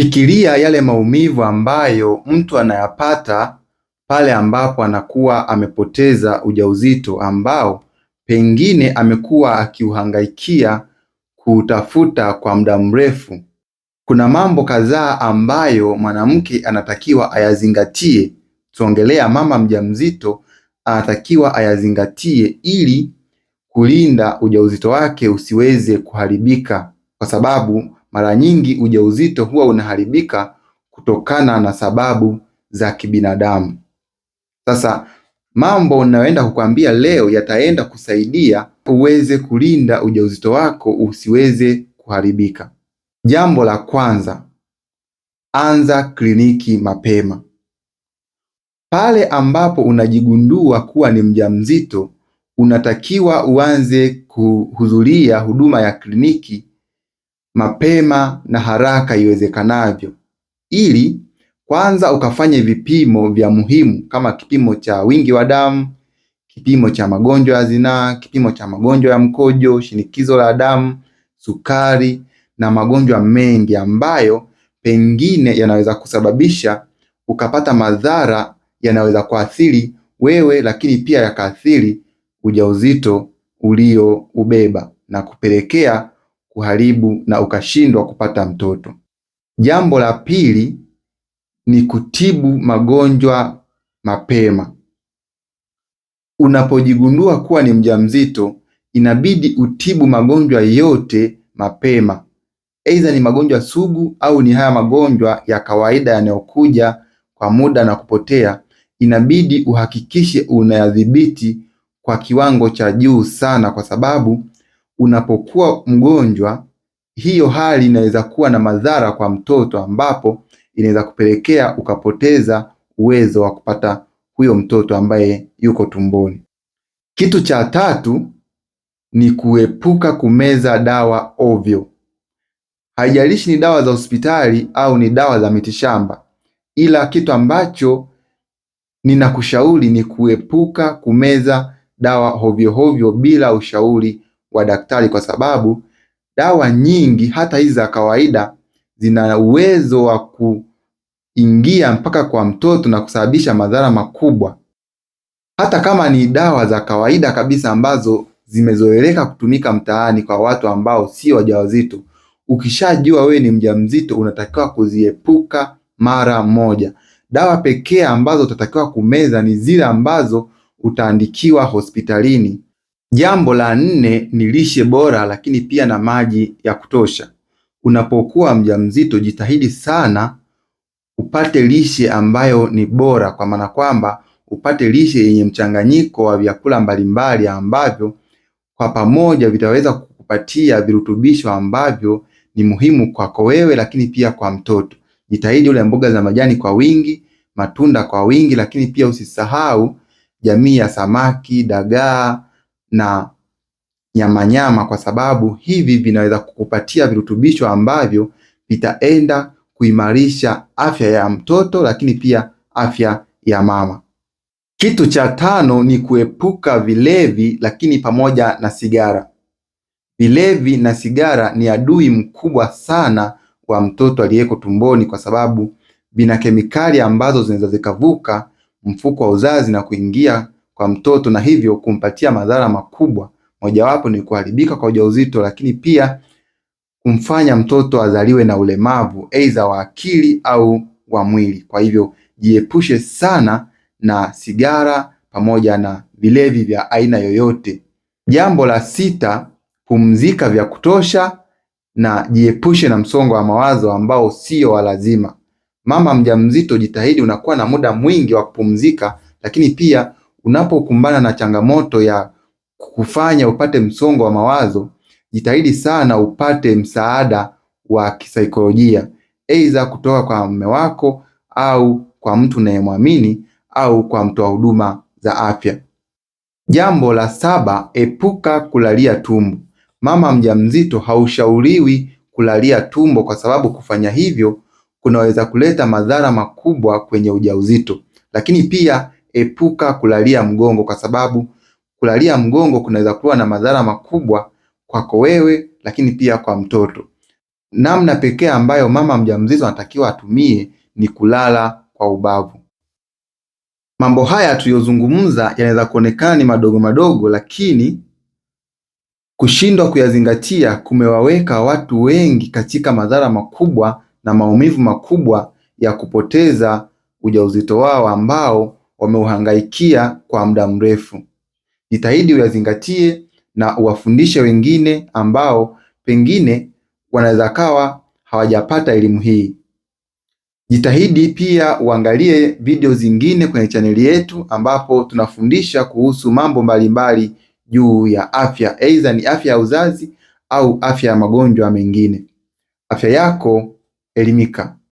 Fikiria yale maumivu ambayo mtu anayapata pale ambapo anakuwa amepoteza ujauzito ambao pengine amekuwa akiuhangaikia kuutafuta kwa muda mrefu. Kuna mambo kadhaa ambayo mwanamke anatakiwa ayazingatie, Tuongelea mama mjamzito anatakiwa ayazingatie ili kulinda ujauzito wake usiweze kuharibika, kwa sababu mara nyingi ujauzito huwa unaharibika kutokana na sababu za kibinadamu. Sasa mambo ninayoenda kukwambia leo yataenda kusaidia uweze kulinda ujauzito wako usiweze kuharibika. Jambo la kwanza, anza kliniki mapema. Pale ambapo unajigundua kuwa ni mjamzito, unatakiwa uanze kuhudhuria huduma ya kliniki mapema na haraka iwezekanavyo, ili kwanza ukafanye vipimo vya muhimu kama kipimo cha wingi wa damu, kipimo cha magonjwa ya zinaa, kipimo cha magonjwa ya mkojo, shinikizo la damu, sukari na magonjwa mengi ambayo pengine yanaweza kusababisha ukapata madhara yanaweza kuathiri wewe, lakini pia yakaathiri ujauzito ulioubeba na kupelekea kuharibu na ukashindwa kupata mtoto. Jambo la pili ni kutibu magonjwa mapema. Unapojigundua kuwa ni mjamzito, inabidi utibu magonjwa yote mapema, aidha ni magonjwa sugu au ni haya magonjwa ya kawaida yanayokuja kwa muda na kupotea. Inabidi uhakikishe unayadhibiti kwa kiwango cha juu sana, kwa sababu unapokuwa mgonjwa, hiyo hali inaweza kuwa na madhara kwa mtoto, ambapo inaweza kupelekea ukapoteza uwezo wa kupata huyo mtoto ambaye yuko tumboni. Kitu cha tatu ni kuepuka kumeza dawa ovyo. Haijalishi ni dawa za hospitali au ni dawa za mitishamba, ila kitu ambacho ninakushauri ni kuepuka kumeza dawa hovyohovyo bila ushauri wa daktari, kwa sababu dawa nyingi hata hizi za kawaida zina uwezo wa kuingia mpaka kwa mtoto na kusababisha madhara makubwa. Hata kama ni dawa za kawaida kabisa ambazo zimezoeleka kutumika mtaani kwa watu ambao sio wajawazito, ukishajua wewe ni mjamzito unatakiwa kuziepuka mara moja. Dawa pekee ambazo utatakiwa kumeza ni zile ambazo utaandikiwa hospitalini. Jambo la nne ni lishe bora, lakini pia na maji ya kutosha. Unapokuwa mjamzito, jitahidi sana upate lishe ambayo ni bora, kwa maana kwamba upate lishe yenye mchanganyiko wa vyakula mbalimbali ambavyo kwa pamoja vitaweza kukupatia virutubisho ambavyo ni muhimu kwako wewe, lakini pia kwa mtoto. Jitahidi ule mboga za majani kwa wingi, matunda kwa wingi, lakini pia usisahau jamii ya samaki, dagaa na nyamanyama nyama, kwa sababu hivi vinaweza kukupatia virutubisho ambavyo vitaenda kuimarisha afya ya mtoto, lakini pia afya ya mama. Kitu cha tano ni kuepuka vilevi, lakini pamoja na sigara. Vilevi na sigara ni adui mkubwa sana wa mtoto aliyeko tumboni, kwa sababu vina kemikali ambazo zinaweza zikavuka mfuko wa uzazi na kuingia kwa mtoto na hivyo kumpatia madhara makubwa. Mojawapo ni kuharibika kwa ujauzito, lakini pia kumfanya mtoto azaliwe na ulemavu aidha wa akili au wa mwili. Kwa hivyo jiepushe sana na sigara pamoja na vilevi vya aina yoyote. Jambo la sita, pumzika vya kutosha na jiepushe na msongo wa mawazo ambao sio wa lazima. Mama mjamzito, jitahidi unakuwa na muda mwingi wa kupumzika, lakini pia unapokumbana na changamoto ya kufanya upate msongo wa mawazo, jitahidi sana upate msaada wa kisaikolojia, aidha kutoka kwa mume wako au kwa mtu unayemwamini au kwa mtoa huduma za afya. Jambo la saba, epuka kulalia tumbo. Mama mjamzito haushauriwi kulalia tumbo kwa sababu kufanya hivyo kunaweza kuleta madhara makubwa kwenye ujauzito, lakini pia epuka kulalia mgongo, kwa sababu kulalia mgongo kunaweza kuwa na madhara makubwa kwako wewe, lakini pia kwa mtoto. Namna pekee ambayo mama mjamzito anatakiwa atumie ni kulala kwa ubavu. Mambo haya tuliyozungumza yanaweza kuonekana ni madogo madogo, lakini kushindwa kuyazingatia kumewaweka watu wengi katika madhara makubwa na maumivu makubwa ya kupoteza ujauzito wao ambao wameuhangaikia kwa muda mrefu. Jitahidi uyazingatie na uwafundishe wengine ambao pengine wanaweza kawa hawajapata elimu hii. Jitahidi pia uangalie video zingine kwenye chaneli yetu ambapo tunafundisha kuhusu mambo mbalimbali juu ya afya, aidha ni afya ya uzazi au afya ya magonjwa mengine. Afya yako elimika.